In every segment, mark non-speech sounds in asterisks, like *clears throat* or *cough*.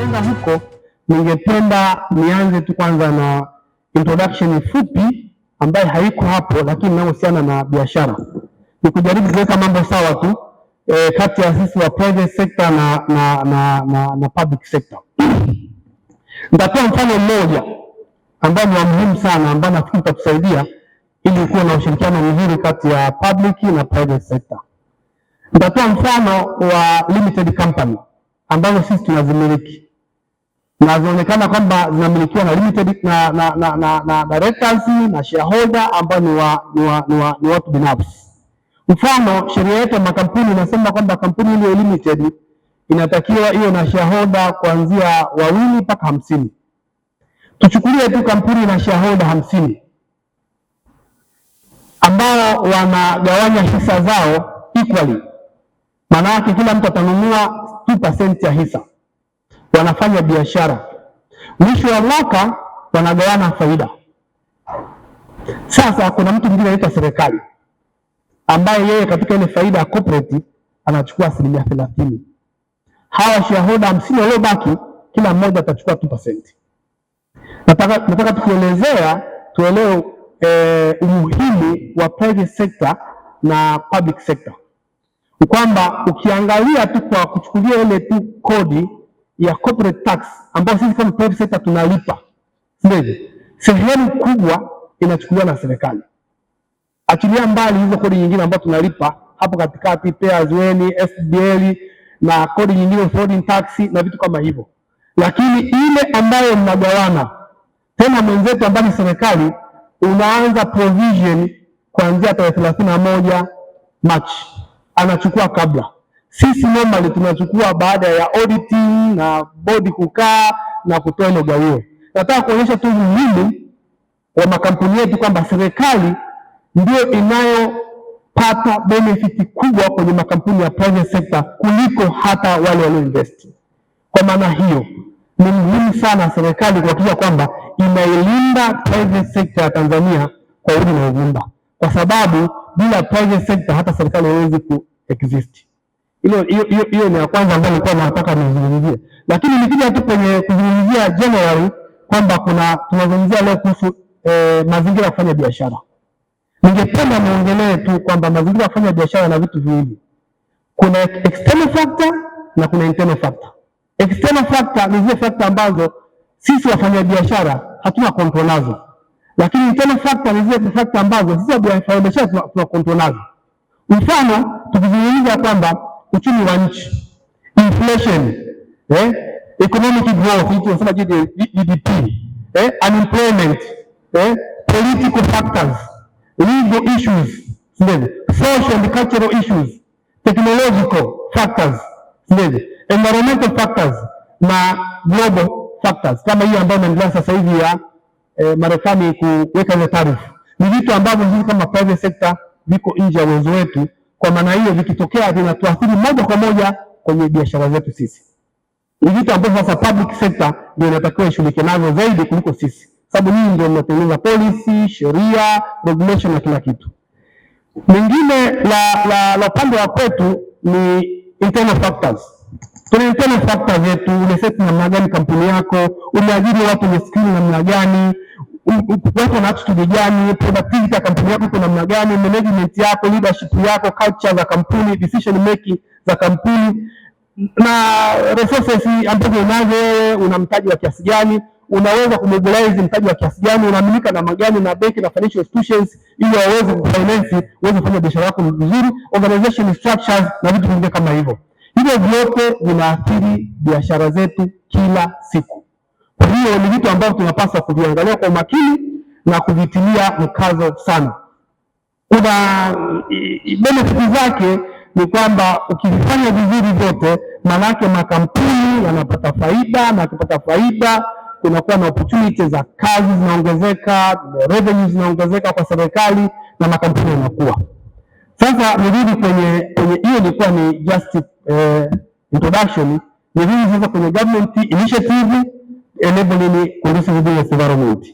kwenda huko, ningependa nianze tu kwanza na introduction fupi ambayo haiko hapo, lakini inahusiana na biashara. Ni kujaribu kuweka mambo sawa tu e, kati ya sisi wa private sector na, na, na, na, na public sector. *clears throat* Nitatoa mfano mmoja ambao ni muhimu sana, ambao nafikiri utatusaidia ili kuwa na ushirikiano mzuri kati ya public na private sector. Nitatoa mfano wa limited company ambazo sisi tunazimiliki na zinaonekana kwamba zinamilikiwa na limited na na na, na, na directors na shareholder ambao ni wa ni wa, ni wa, ni watu binafsi. Mfano, sheria yetu ya makampuni inasema kwamba kampuni ile limited inatakiwa iwe na shareholder kuanzia wawili mpaka hamsini. Tuchukulie tu kampuni na shareholder hamsini ambao wanagawanya hisa zao equally, maana yake kila mtu atanunua 2% ya hisa wanafanya biashara, mwisho wa mwaka wanagawana faida. Sasa kuna mtu mwingine anaitwa serikali, ambaye yeye katika ile faida ya corporate anachukua asilimia thelathini. Hawa shareholder hamsini waliobaki, kila mmoja atachukua 2%. Nataka, nataka tukuelezea tuelewe e, umuhimu wa private sector na public sector, kwamba ukiangalia tu kwa kuchukulia ile tu kodi ya corporate tax ambayo sisi kama private sector tunalipa, sio Sehemu kubwa inachukuliwa na serikali, achilia mbali hizo kodi nyingine ambazo tunalipa hapo katikati, pay weni, SDL na kodi nyingine, foreign tax na vitu kama hivyo, lakini ile ambayo mnagawana tena mwenzetu ambaye ni serikali, unaanza provision kuanzia tarehe thelathini na moja Machi, anachukua kabla sisi normally tunachukua baada ya auditing na bodi kukaa na kutoa magawio. Nataka kuonyesha tu umuhimu wa makampuni yetu kwamba serikali ndio inayopata benefit kubwa kwenye makampuni ya private sector kuliko hata wale walioinvest. Kwa maana hiyo ni muhimu sana serikali kuhakikisha kwamba inailinda private sector ya Tanzania kwa udi na uvumba, kwa sababu bila private sector hata serikali haiwezi ku exist. Hiyo hiyo hiyo ni ya kwanza ambayo nilikuwa nataka nizungumzie, lakini nikija tu kwenye kuzungumzia general kwamba kuna tunazungumzia leo kuhusu e, mazingira ya kufanya biashara. Ningependa niongelee tu kwamba mazingira ya kufanya biashara na vitu viwili, kuna external factor na kuna internal factor. External factor ni zile factor ambazo sisi wafanyabiashara hatuna control nazo, lakini internal factor ni zile factor ambazo sisi wafanyabiashara tuna control nazo. Mfano tukizungumza kwamba uchumi wa nchi inflation, eh, economic growth, hicho anasema GDP, eh, unemployment, eh, political factors, legal issues, ndio social and cultural issues, technological factors, ndio environmental factors na global factors, kama hiyo ambayo inaendelea sasa hivi ya eh, Marekani kuweka ile tarifu. Ni vitu ambavyo hivi kama private sector viko nje ya uwezo wetu. Kwa maana hiyo vikitokea vinatuathiri moja kwa moja kwenye biashara zetu sisi. Ni vitu ambavyo sasa public sector ndio inatakiwa ishughulike nazo zaidi kuliko sisi, sababu ninyi ndio mnatengeneza policy, sheria, regulation na kila kitu. Mengine la la, la upande wa kwetu ni internal factors. Tuna internal factors yetu, umeset namna gani kampuni yako, umeajiri watu skill namna gani wako na attitude gani, productivity ya kampuni yako iko namna gani, management yako, leadership yako, culture za kampuni, decision making za kampuni na resources ambazo unazo wewe, una mtaji wa kiasi gani, unaweza kumobilize mtaji wa kiasi gani, unaaminika na magani na benki na financial institutions, ili waweze kufinance uweze kufanya biashara yako vizuri, organization structures na vitu vingine kama hivyo. Hivyo vyote vinaathiri biashara zetu kila siku. Hiyo ni vitu ambavyo tunapaswa kuviangalia kwa umakini na kuvitilia mkazo sana. Kuna benefiti zake ni kwamba ukivifanya vizuri vyote, maanake makampuni yanapata faida, na akipata faida kunakuwa na opportunity za kazi zinaongezeka, revenue zinaongezeka kwa serikali na makampuni yanakuwa. Sasa nirudi kwenye kwenye hiyo, ilikuwa ni just eh, introduction. Nirudi sasa kwenye government initiative enabling conducive business environment.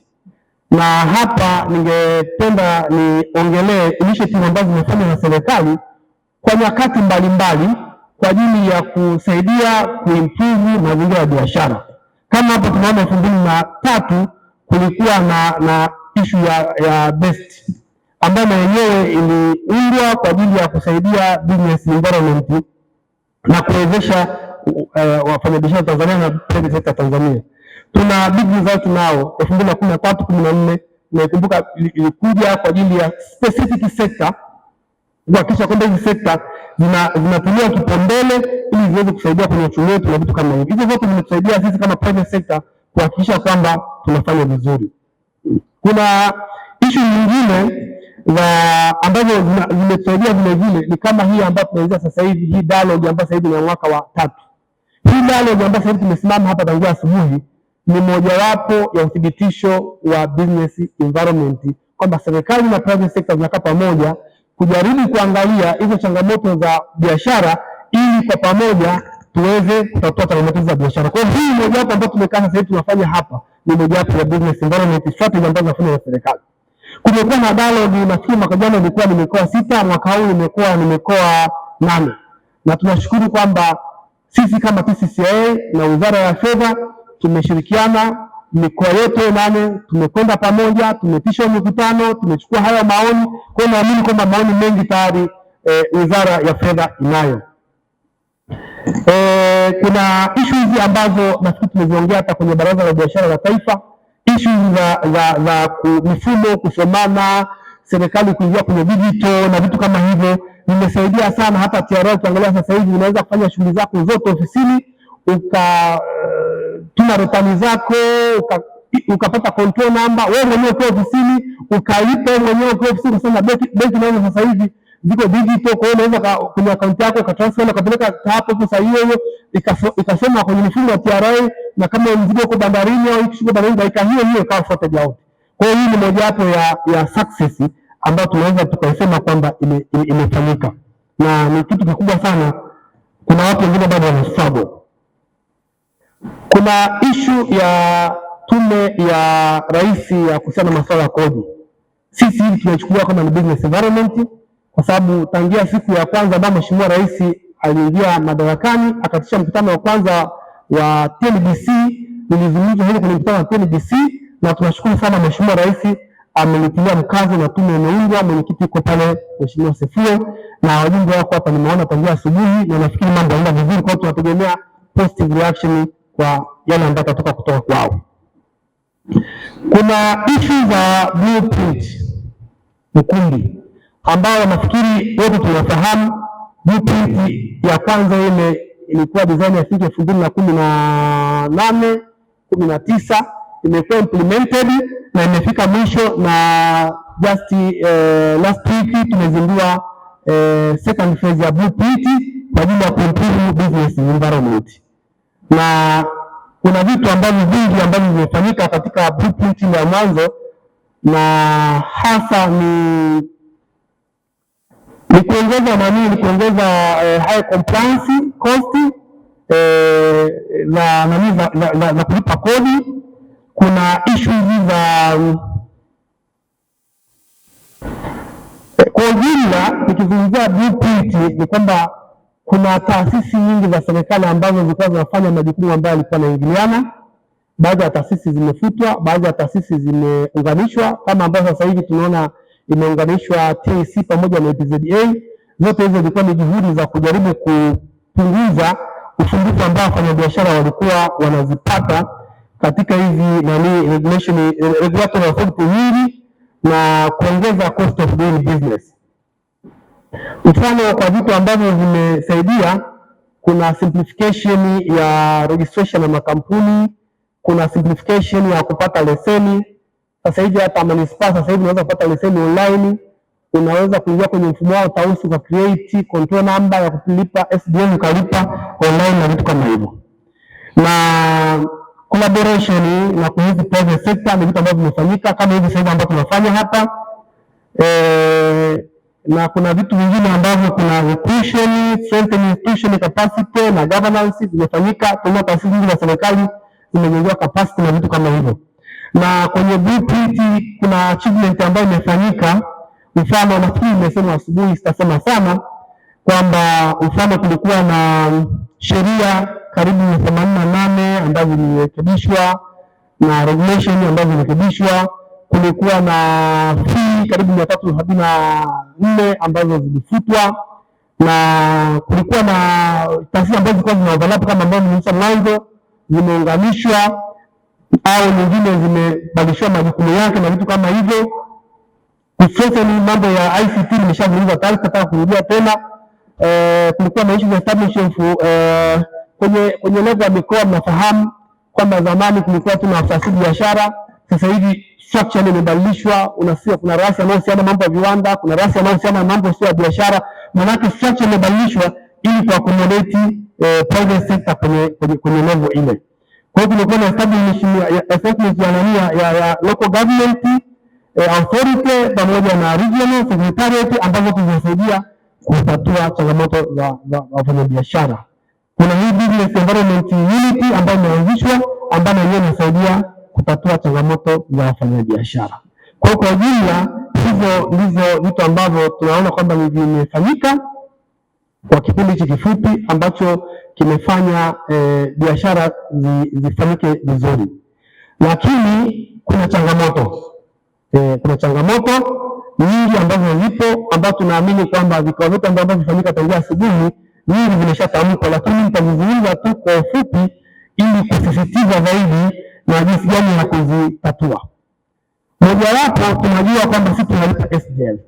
Na hapa ningependa niongelee initiative ambazo zimefanywa na serikali kwa nyakati mbalimbali kwa ajili ya kusaidia kuimprove mazingira ya biashara. Kama hapa tunaona elfu mbili na tatu kulikuwa na, na ishu ya, ya BEST ambayo na yenyewe iliundwa kwa ajili ya kusaidia business environment na kuwezesha uh, wafanyabiashara Tanzania na private sector Tanzania tuna big result nao elfu mbili na kumi na tatu kumi na nne naikumbuka, ilikuja kwa ajili ya specific sector kuhakikisha kwamba hizi sekta zinatumia kipaumbele ili ziweze kusaidia kwenye uchumi wetu na vitu kama hivyo. Hizo zote zimetusaidia sisi kama private sector kuhakikisha kwamba tunafanya vizuri. Kuna ishu nyingine za ambazo zimetusaidia vile vile ni kama hii ambayo tunaanza sasa hivi, hii dialogue ambayo sasa hivi ni mwaka wa tatu, hii dialogue ambayo sasa hivi tumesimama hapa tangia asubuhi ni mojawapo ya uthibitisho wa business environment kwamba serikali na private sector zinakaa pamoja kujaribu kuangalia hizo changamoto za biashara ili kwa pamoja tuweze kutatua changamoto za biashara. Kwa hiyo hii mojawapo ambayo tumekaa sasa hivi tunafanya hapa ni mojawapo ya business environment strategy ambazo zinafanywa na serikali. Kumekuwa na dialogue, nafikiri mwaka jana ilikuwa ni mikoa sita, mwaka huu imekuwa ni mikoa nane, na tunashukuru kwamba sisi kama TCCIA na Wizara ya Fedha tumeshirikiana mikoa yote nane, tumekwenda pamoja, tumetisha mikutano, tumechukua haya maoni. Kwa hiyo naamini kwamba maoni mengi tayari eh, wizara e, ya fedha inayo. E, kuna hizi ambazo nafikiri tumeziongea hata kwenye baraza la biashara la taifa, ishu za, za, za mifumo kusomana, serikali kuingia kwenye digital na vitu kama hivyo vimesaidia sana. Hata TRA ukiangalia sasa hivi unaweza kufanya shughuli zako zote ofisini uka tuma rutani zako uka, ukapata control number wewe mwenyewe ukiwa ofisini ukalipa wewe mwenyewe ukiwa ofisini. Sasa benki benki nazo sasa hivi ziko digital, kwa hiyo unaweza kwenye akaunti yako transfer na ukapeleka hapo pesa hiyo hiyo ikasoma kwenye mfumo wa TRA, na kama mzigo uko bandarini au ikishuka bandarini dakika hiyo hiyo ikawa sorted out. Kwa hiyo hii ni mojawapo ya ya success ambayo tunaweza tukaisema kwamba imefanyika ime, ime na ni kitu kikubwa sana. Kuna watu wengine bado wana struggle kuna ishu ya tume ya rais ya kuhusiana na masuala ya kodi. Sisi hivi tunachukua kama ni business environment, kwa sababu tangia siku ya kwanza ambayo mheshimiwa rais aliingia madarakani akatisha mkutano wa kwanza wa TNBC, nilizungumza hili kwenye mkutano wa TNBC, na tunashukuru sana mheshimiwa rais amelitilia mkazo na tume imeundwa. Mwenyekiti yuko pale, mheshimiwa Sefio, na wajumbe wako hapa, nimeona tangia asubuhi, na nafikiri mambo yanaenda vizuri, kwa hiyo tunategemea positive reaction kwa yale ambayo yatatoka kutoka kwao. Kuna ishu za blueprint mkumbi, ambayo nafikiri wote tunafahamu. Blueprint ya kwanza ile ilikuwa design ya think elfu mbili na kumi na nane kumi na tisa imekuwa implemented na imefika mwisho, na just uh, last week tumezindua uh, second phase ya blueprint kwa ajili ya kuimprove business environment na kuna vitu ambavyo vingi ambavyo vimefanyika katika blueprint ya mwanzo, na hasa ni ni kuongeza nani, ni kuongeza eh, high compliance cost eh, za nani za, na, na, kulipa kodi. Kuna issue hizi za eh, kwa ujumla, nikizungumzia blueprint ni kwamba kuna taasisi nyingi za serikali ambazo zilikuwa zinafanya majukumu ambayo yalikuwa yanaingiliana. Baadhi ya taasisi zimefutwa, baadhi ya taasisi zimeunganishwa, kama ambazo sasa hivi tunaona imeunganishwa TAC pamoja na EPZA. Zote hizo zilikuwa ni juhudi za kujaribu kupunguza usumbufu ambao wafanyabiashara walikuwa wanazipata katika hizi nani regulatory authority nyingi na kuongeza cost of doing business. Mfano kwa vitu ambavyo vimesaidia, kuna simplification ya registration ya makampuni, kuna simplification ya kupata leseni. Sasa hivi hata manispaa sasa hivi unaweza kupata leseni online, unaweza kuingia kwenye mfumo wao tausi kwa create control number ya kulipa SDN ukalipa online na vitu kama hivyo, na collaboration na kuhusu private sector ni vitu ambavyo vimefanyika kama hivi sasa ambavyo tunafanya hapa eh na kuna vitu vingine ambavyo kuna equation, strengthening equation capacity na governance zimefanyika. Tuna taasisi nyingi za serikali zimejengewa capacity na vitu kama hivyo, na kwenye blueprint kuna achievement ambayo imefanyika. Mfano nafikiri nimesema asubuhi, sitasema sana kwamba mfano kulikuwa na sheria karibu themanini na nane ambazo zilirekebishwa na regulation ambazo zilirekebishwa kulikuwa na fee karibu mia tatu sabini na nne ambazo zilifutwa, na kulikuwa na taasisi ambazo zilikuwa zina overlap kama ambayo nilisema mwanzo, zimeunganishwa au nyingine zimebadilishiwa majukumu yake na vitu kama hivyo. Kusosa ni mambo ya ICT nimeshazungumza tayari, nataka kurudia tena. Eh, kulikuwa na issue za establishment eh, kwenye kwenye level ya mikoa, mnafahamu kwamba zamani kulikuwa tuna afisa biashara, sasa hivi structure imebadilishwa. Unasikia kuna rasi inayohusiana mambo ya viwanda, kuna rasi inayohusiana mambo sio ya biashara. Maana yake structure imebadilishwa ili kwa accommodate eh, private sector kwenye kwenye, kwenye level ile. Kwa hiyo kulikuwa na establishment ya establishment ya nani ya, ya ya local government eh, authority pamoja na regional secretariat ambazo tunasaidia kutatua changamoto za za wafanyabiashara. Kuna hii business environment unity ambayo imeanzishwa ambayo yenyewe inasaidia kutatua changamoto za wafanyabiashara. Kwa hiyo kwa ujumla, hivyo ndivyo vitu ambavyo tunaona kwamba vimefanyika kwa kipindi hichi kifupi ambacho kimefanya e, biashara zifanyike vizuri, lakini kuna changamoto e, kuna changamoto nyingi ambazo zipo ambazo tunaamini kwamba vikao vyote ambavyo vifanyika tangia asubuhi nyingi vimeshatamkwa, lakini nitazizungumza tu kwa ufupi ili kusisitiza zaidi na jinsi gani ya kuzitatua. Mojawapo tunajua kwamba sisi tunalipa SDL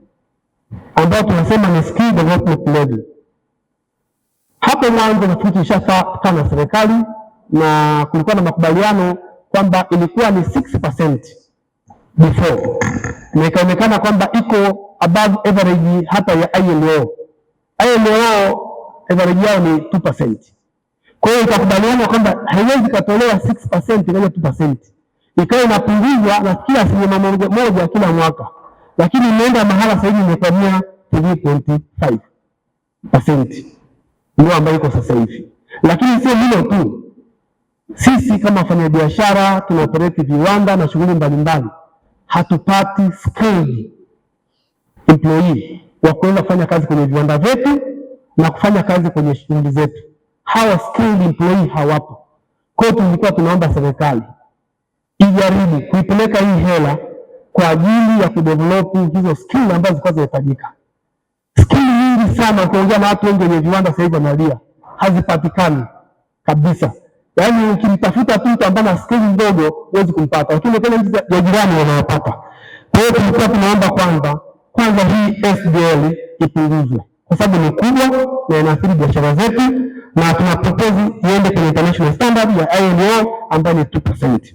ambayo tunasema ni skill development level. Hapo mwanzo nafikiri tulishakaa na serikali na kulikuwa na makubaliano kwamba ilikuwa ni 6% before, na ikaonekana kwamba iko above average hata ya ILO. ILO average yao ni kwa hiyo itakubaliana kwamba haiwezi katolewa 6% ikaja 2%, ikawa inapunguzwa na kila asilimia moja moja kila mwaka, lakini imeenda mahala sasa hivi imekamia 3.5% ndio ambayo iko sasa hivi. Lakini sio hilo tu, sisi kama wafanyabiashara tunaoperate viwanda na shughuli mbalimbali, hatupati skill employee wa kuweza kufanya kazi kwenye viwanda vyetu na kufanya kazi kwenye shughuli zetu hawa skilled employee hawapo. Kwa hiyo tulikuwa tunaomba serikali ijaribu kuipeleka hii hela kwa ajili ya kudevelop hizo skill ambazo zilikuwa zinahitajika. Skill nyingi sana, ukiongea na watu wengi wenye viwanda sasa hivi wanalia, hazipatikani kabisa. Yaani ukimtafuta tu mtu ambaye ana skill ndogo huwezi kumpata, lakini kwenye nchi za jirani wanawapata. Kwa hiyo tulikuwa tunaomba kwanza kwanza hii SDL ipunguzwe kwa sababu ni kubwa na inaathiri biashara zetu, na tuna propose iende kwenye international standard ya ILO ambayo ni 2%.